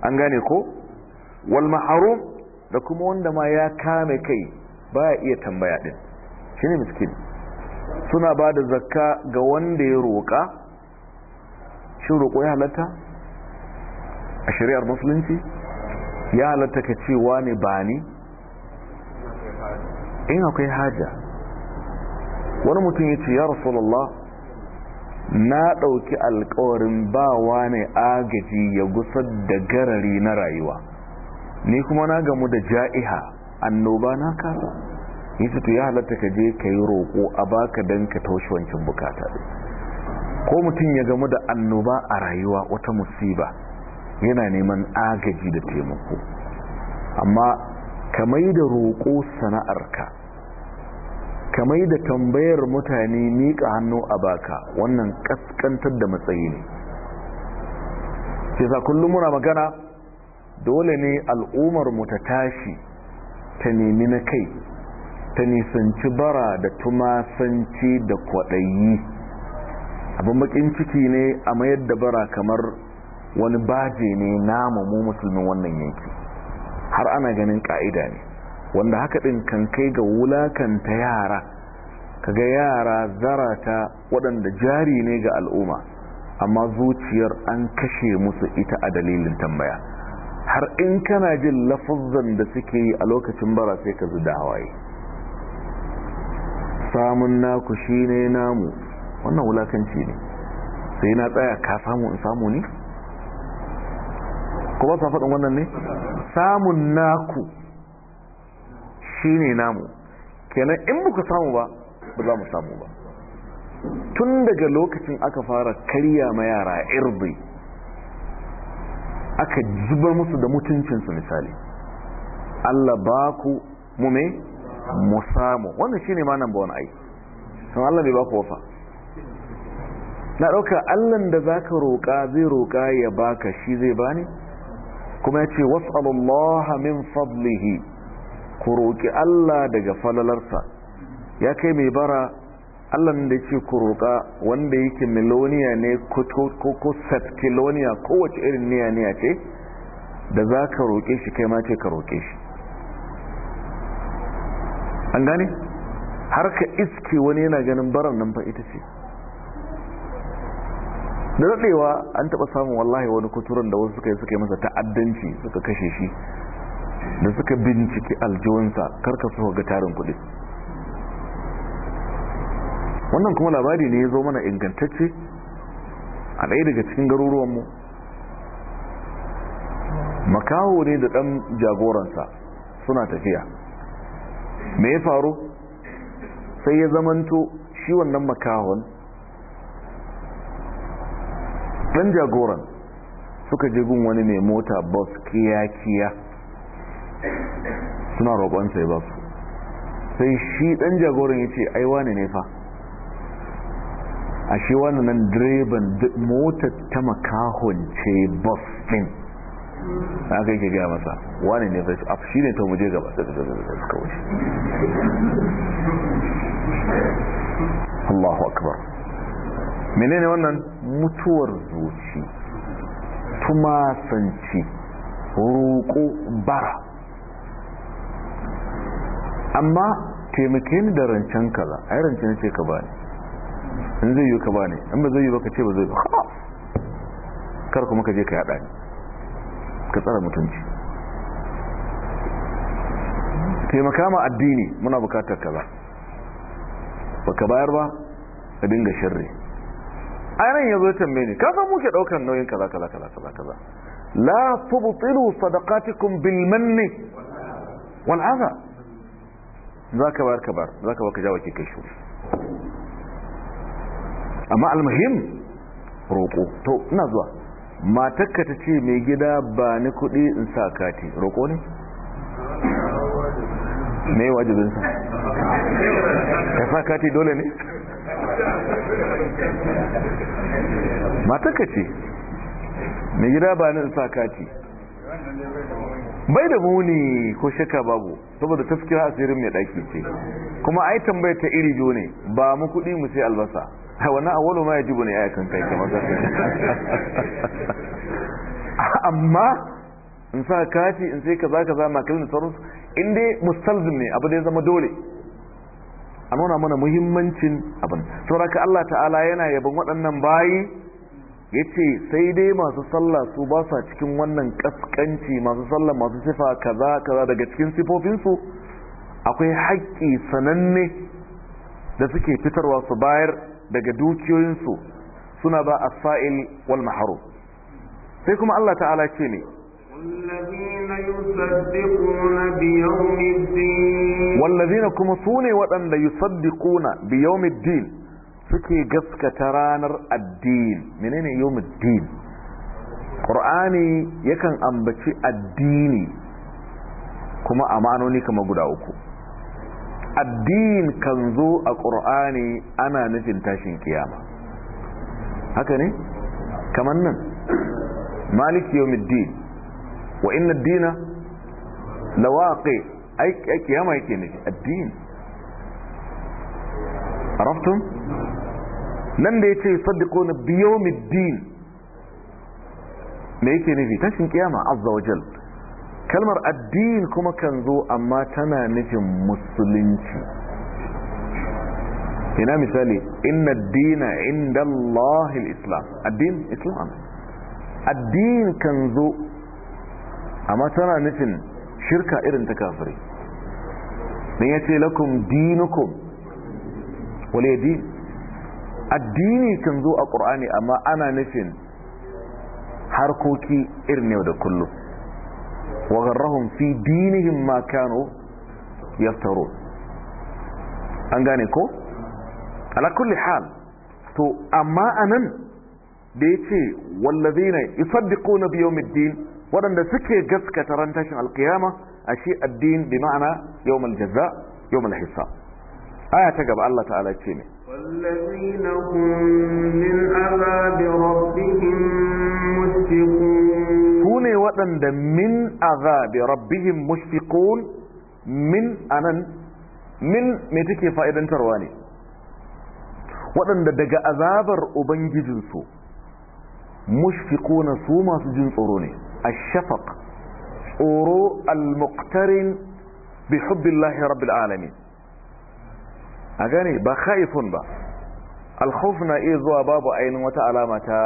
an gane ko wal maharum da kuma wanda ma ya kame kai baya iya tambaya din shine miskin suna ba da zakka ga wanda ya roƙa shi roƙo ya halatta a shari'ar musulunci ya halatta ka cewa ne ba ni in akwai haja wani mutum ya ce ya rasulallah na ɗauki alkawarin bawa ne agaji ya gusar da garari na rayuwa ni kuma na gamu da ja'iha annoba na kasa yace ya halatta ka je ka yi roƙo a baka dan ka taushe wancan bukata ko mutum ya gamu da annoba a rayuwa wata musiba yana neman agaji da taimako amma ka mai da roƙo sana'arka kamar da tambayar mutane miƙa hannu a baka wannan ƙasƙantar da matsayi ne Sai sa kullum muna magana dole ne al'ummar mu ta tashi ta nemi na kai ta nisanci bara da tumasanci da kwaɗayi abin bakin ciki ne a mayar da bara kamar wani baje ne namu mu musulmin wannan yanki har ana ganin ƙa'ida ne wanda haka ɗin kan kai ga wulakanta yara kaga yara zarata waɗanda jari ne ga al'umma amma zuciyar an kashe musu ita a dalilin tambaya har in kana jin lafazan da suke yi a lokacin bara sai ka zuda hawaye samun naku shi ne namu wannan wulakanci ne sai na tsaya ka samu in samu ne? kuma sa faɗin wannan ne? samun naku Shi ne namu kenan in muka samu ba ba za mu samu ba tun daga lokacin aka fara karya ma yara irbi aka zubar musu da mutuncinsu misali Allah ba ku mu mu samu wannan ne ma nan ba wani ai sun Allah bai ba ku wafa na ɗauka Allahn da za ka roƙa zai roƙa ya baka shi zai bani kuma ya ce wasu Allah min fablihi. ku roƙi Allah daga falalarsa ya kai mai bara Allah da ce ku roƙa wanda yake miloniya ne ko septiloniya kowace irin niya niya ce da za ka roƙe shi kai ma ce ka roƙe shi an gane har ka iske wani yana ganin baran nan ba ita ce da daɗewa an taɓa samun wallahi wani kuturan da wasu suka yi suka yi masa ta'addanci suka kashe shi da suka binciki aljihunsa karka su ga tarin kudi wannan kuma labari ne ya zo mana ingantacce a ɗaya daga cikin garuruwanmu makaho ne da ɗan jagoransa suna tafiya me ya faru sai ya zamanto shi wannan makahon ɗan jagoran suka je gun wani mai mota bus kiyakiya. suna roƙonsa ya ba su sai shi ɗan jagoran ya ce ai wane ne fa a shi wani nan direban motar ta makahon ce bus ɗin aka yake gaya masa Wani ne fa shi ne ta muje gaba da suka wuce Allahu akbar menene wannan mutuwar zuci tumasanci roƙo bara amma taimake ni da rancen kaza ai rancen ce ka bani in zai yi ka bani in ba zai yi ba ka ce ba zai ba kar kuma ka je ka yada ni ka tsara mutunci taimaka ma addini muna bukatar kaza ka bayar ba ka dinga shirri ainihin ya zo tambaye ni ka samu ke daukan nauyin kaza kaza kaza kaza kaza la tubtilu sadaqatikum bil manni za ka bayar ka bar, za ka baka jawo ke kai shi amma almuhim roƙo to ina zuwa matakka ta ce mai gida ba ni kuɗi in sa kati roƙo ne me sa. ka sa kati dole ne matakka ce mai gida ba ni in sa kati bai da muni ko shaka babu saboda tafkira asirin mai daki ce kuma ai tambayar ta iri biyu ne ba mu kuɗi mu sai albasa ha wannan awwalu ma yajibu ne ayakan kai kamar ka amma in sa kati in sai kaza kaza makalin sarus in dai mustalzim ne abu da ya zama dole a nuna mana muhimmancin abin ka Allah ta'ala yana yabon waɗannan bayi ya ce sai dai masu sallah su ba sa cikin wannan kaskanci masu sallah masu sifa kaza kaza daga cikin sifofinsu akwai haƙƙi sananne da suke fitarwa su bayar daga dukiyoyinsu suna ba a fa'il wal maharu sai kuma Allah ta'ala ce ne wallazina kuma su ne waɗanda yusaddiquna bi yawmiddin suke gaskata ranar addini menene yawmuddin qur'ani yakan ambaci addini kuma amanoni kamar guda uku addin kan zo a qur'ani ana nufin tashin kiyama haka ne kamar nan maliki yawmuddin wa inna ad-dina lawaqi ay kiyama yake nufi addini عرفتم nan da ya ce saddiko na biyomiddin me yake nufi tashin kiyama azza kalmar addin kuma kan zo amma tana nufin musulunci ina misali inna dina inda Allahil islam addin islam addin kan zo amma tana nufin shirka irin ta kafirai don ya ce lakum dinukum wale din addini kan zo a ƙur'ani amma ana nufin harkoki irin yau da kullum wa fi dinihim ma kanu an gane ko ala kulli hal to amma anan da yace wallazina yusaddiquna bi biyomiddin waɗanda suke gaskata rantashin alkiyama a shi addin bi ma'ana yawmal jaza yawmal hisab aya ta gaba Allah ta'ala ce ne والذين هم من عذاب ربهم مشفقون كوني وطن من عذاب ربهم مشفقون من أنا من متكي فائدة ترواني waɗanda daga azabar ubangijinsu mushfiquna su masu jin tsoro ne ash-shafaq tsoro al-muqtarin bi hubbillahi rabbil alamin a gane ba khaifun ba alkhawf na iya zuwa babu ainihin wata alama ta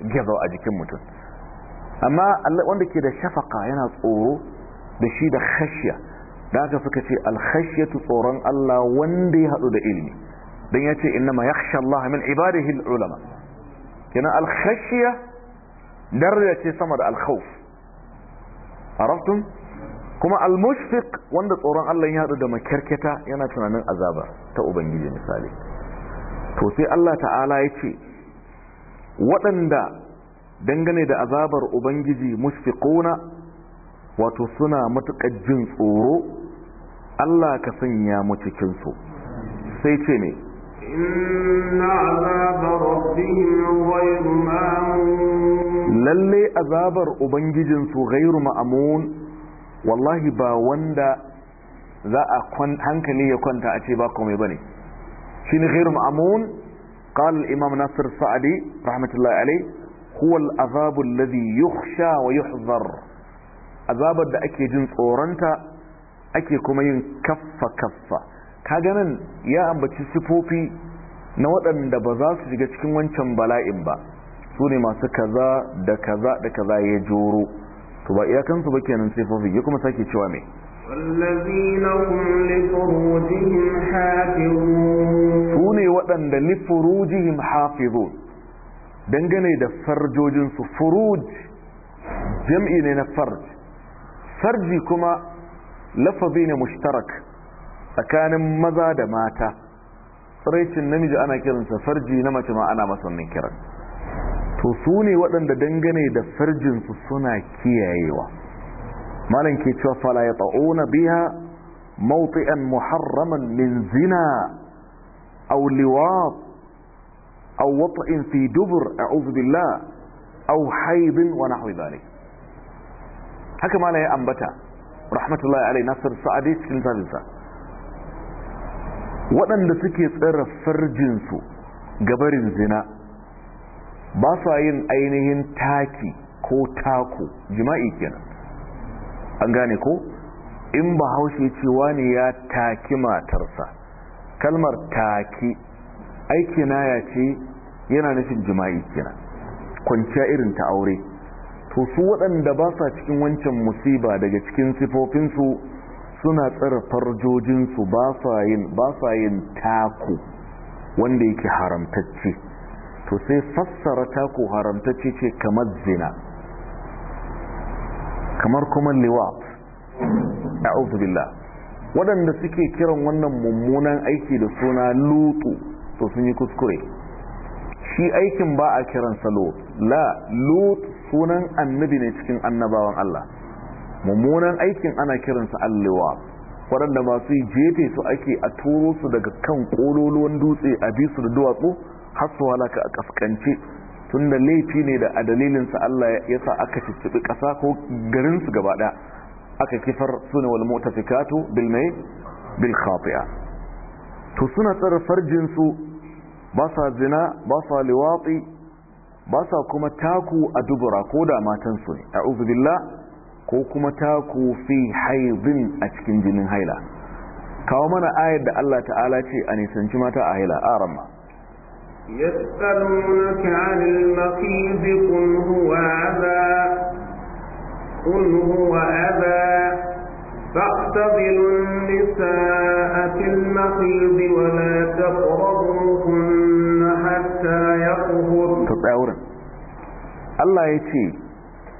gazo a jikin mutum amma wanda ke da shafaka yana tsoro da shi da khashiya da aka suka ce alkhashiyatu tsoron Allah wanda ya hadu da ilimi dan yace innama yakhsha Allah min ibadihi ulama kenan alkhashiya daraja ce sama da alkhawf arabtum kuma almushfiq wanda tsoron Allah ya hadu da makarkata yana tunanin azaba ta ubangiji misali to sai Allah ta'ala ya ce waɗanda dangane da azabar ubangiji mushfiquna wato suna matukar jin tsoro Allah ka sanya mu cikin su sai ce ne inna azaba rabbihim ghayru ma'mun lalle azabar ubangijin su ghayru ma'mun wallahi ba wanda za a hankali ya kwanta a ce ba komai bane shine ghairu ma'mun قال الإمام ناصر السعدي رحمة الله عليه هو العذاب azabar da ake jin tsoronta ake kuma yin kaffa-kaffa kaga nan ya ambaci sifofi na waɗanda ba za su shiga cikin wancan bala'in ba su ne masu kaza da kaza da kaza ya joro to ba iyakan su ba kenan sifofi ya kuma sake cewa me wallazina hum li furujihim hafizun su ne wadanda li furujihim hafizun dangane da farjojin su furuj jam'i ne na farj farji kuma lafazi ne mushtarak tsakanin maza da mata tsaraicin namiji ana kiransa farji na mace ma ana masannin kiransa to su ne waɗanda dangane da farjinsu suna kiyayewa malam ke cewa fala ya ta'una biya mawti'an muharraman min zina aw liwat aw wat'in fi dubr a'udhu billah aw hayd wa nahwi dhalik haka malam ya ambata rahmatullahi alayhi nasr sa'adi cikin zalisa waɗanda suke tsara farjinsu gabarin zina ba sa yin ainihin taki ko tako jima'i kenan an gane ko in ba haushe cewa ne ya taki matarsa kalmar taki aiki na ya ce yana nufin jima'i kenan kwanciya irin ta aure to su waɗanda ba sa cikin wancan musiba daga cikin sifofinsu suna tsara farjojinsu ba sa yin tako wanda yake haramtacce to sai fassara taku haramta ce kamar zina kamar kuma liwat a'udhu billah waɗanda suke kiran wannan mummunan aiki da suna lutu to sun yi kuskure shi aikin ba a kiran salo la lut sunan annabi ne cikin annabawan Allah mummunan aikin ana kiransa alliwa waɗanda masu yi jefe su ake a turo su daga kan ƙololuwan dutse a bi su da duwatsu hasuwa laka a kaskance tun da laifi ne da a dalilinsa Allah ya sa aka cicciɓi ƙasa ko garinsu gaba ɗaya aka kifar suna wal mutafikatu bil mai bil khafi'a to suna tsara farjinsu ba sa zina ba sa liwatsi ba sa kuma taku a dubura ko da matansu ne a uzubillah ko kuma taku fi haizin a cikin jinin haila kawo mana ayar da Allah ta'ala ce a nisanci mata a haila a ramma يسألونك عن المخيز قل هو أذى قل هو أذى فاعتزلوا النساء في المخيز ولا تقربوهن حتى يطهرن الله يتي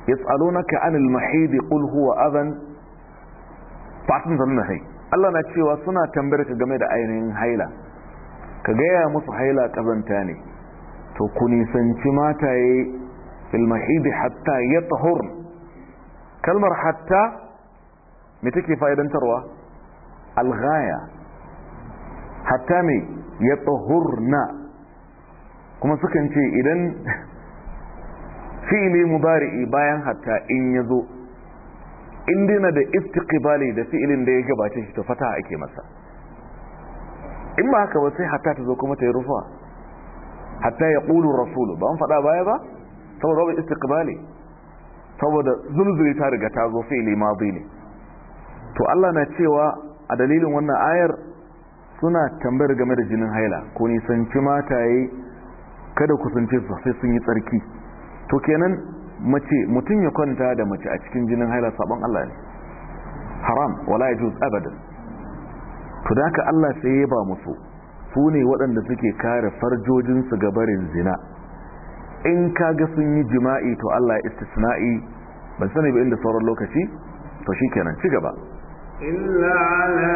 يسألونك عن المحيض قل هو أبا فاعتزلوا النساء الله na وصنا suna جميل أين هيلا ka gaya musu haila kazanta ne to ku nisanci mataye filmahidi hatta ya tahur kalmar hatta mai take fa'idantarwa alghaya hatta mai ya tahurna kuma sukan ce idan fi'ili mubari'i bayan hatta in ya zo in dina da istiqbali da fi'ilin da ya gabace shi to fata ake masa in ba haka ba sai hatta ta zo kuma ta yi rufa hatta ya ƙulu rasulu ba an faɗa baya ba saboda wani istiqbali saboda zunzuri ta riga ta zo fi'ili madi ne to Allah na cewa a dalilin wannan ayar suna tambayar game da jinin haila ko nisanci yi kada ku sun su sai sun yi tsarki to kenan mace mutum ya kwanta da mace a cikin jinin haila sabon Allah ne haram wala ya yajuz abadan to da haka Allah sai ya ba musu su ne waɗanda suke kare farjojinsu ga barin zina in kaga sun yi jima'i to Allah ya istisna'i ban sani ba inda sauran lokaci to shikenan ci gaba illa ala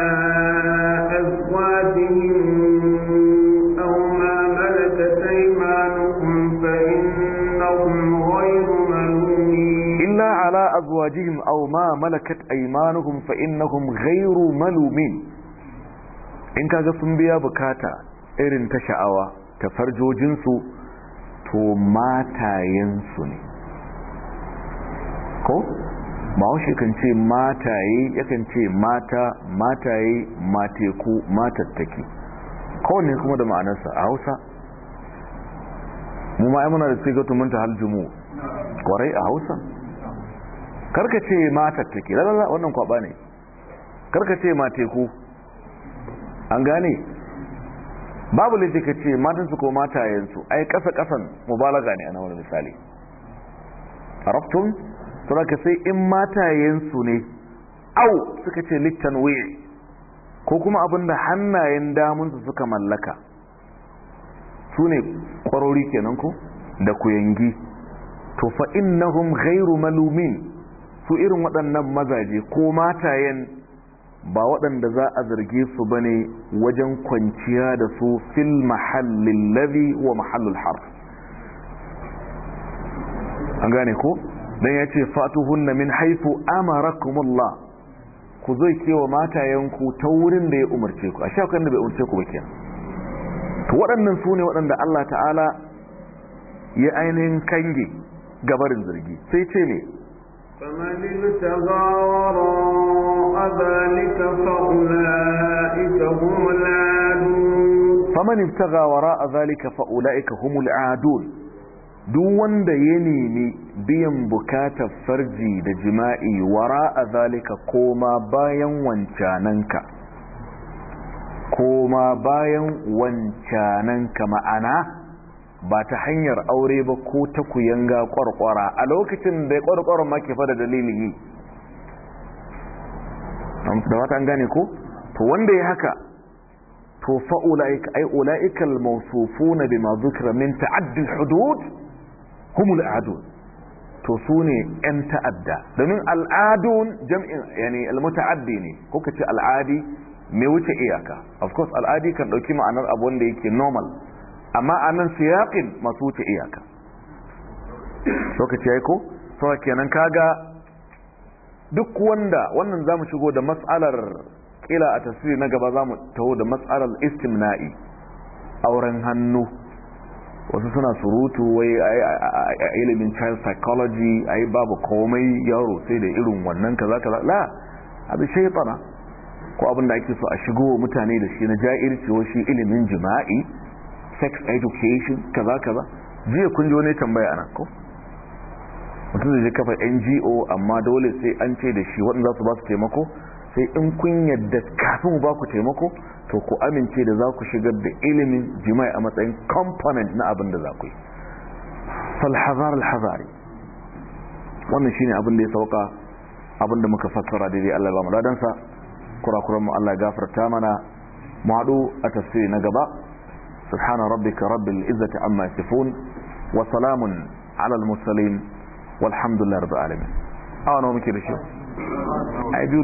azwajihim aw ma malakat aymanuhum fa innahum ghayru malumin illa ala azwajihim aw ma malakat aymanuhum fa innahum ghayru malumin in kaga sun biya bukata irin ta sha'awa ta farjojinsu to matayensu ne ko mawashi kan ce mataye yakan ce mata mataye mateku matattaki ne kuma da ma'anarsa a hausa mu ma'ai muna da tsigatu mun ta haljumu kwarai a hausa karka ce matattaki lalala wannan kwaba ne karka ce mateku an gane babu laifi ka ce matansu ko matayensu ai kasa kasan mubalaga ne a nan misali arabtum ka sai in matayensu ne au suka ce littan wi'i ko kuma abinda da hannayen damunsu suka mallaka su ne kwarori kenan ko da kuyangi to fa innahum ghairu malumin su irin waɗannan mazaje ko matayen ba waɗanda za a zarge su ba ne wajen kwanciya da su fil mahallin lafi wa mahallin har an gane ko don ya ce fatuhunna min haifu amarakumullah ku zai kewa matayenku ta wurin da ya umarce ku a shakon da bai umarce ku ba to waɗannan su ne waɗanda Allah ta'ala ya ainihin kange gabarin zargi sai ce ne فمن ابتغى وراء ذلك فأولئك هم العادون فمن ابتغى وراء ذلك فأولئك هم العادون duk wanda ya nemi biyan bukatar farji da jima'i wara a zalika koma bayan wancananka koma bayan wancananka ma'ana ba ta hanyar aure ba ko ta kuyanga kwarkwara a lokacin da ƙwarƙwara ma ke fada dalili da wata an gane ko to wanda ya haka to fa’ula’ika ai ula’ikal ulaika na bi dhukira min ta’addin hudud humul adun to ne yan ta'adda domin al'adun jam'in yani almutaaddi ne ko ce al'adi mai wuce iyaka of course al'adi kan ɗauki ma'anar abu wanda yake normal amma a nan yaƙin masu wuce iyaka lokaci ya yi ko saura kenan kaga duk wanda wannan zamu shigo da matsalar kila a tasiri na gaba zamu mu taho da matsalar istimna'i auren hannu wasu suna surutu wai a ilimin child psychology a babu komai yaro sai da irin wannan kaza kaza la abin shaifana ko abin da ake so a shigo mutane da shi na ja'irci shi ilimin jima'i sex education kaza kaza jiya kun ji wani tambaya ana ko mutum zai je kafa ngo amma dole sai an ce da shi waɗanda za su ba su taimako sai in kun yadda kafin ba ku taimako to ku amince da za ku shigar da ilimin jima'i a matsayin component na abin da za ku yi falhazar alhazari wannan shine abin da ya sauka abin da muka fassara daidai Allah ba mu kura kurakuran mu Allah ya gafarta mana mu haɗu a tafsiri na gaba سبحان ربك رب العزة عما يصفون وسلام على المرسلين والحمد لله رب العالمين انا ممكن اشوف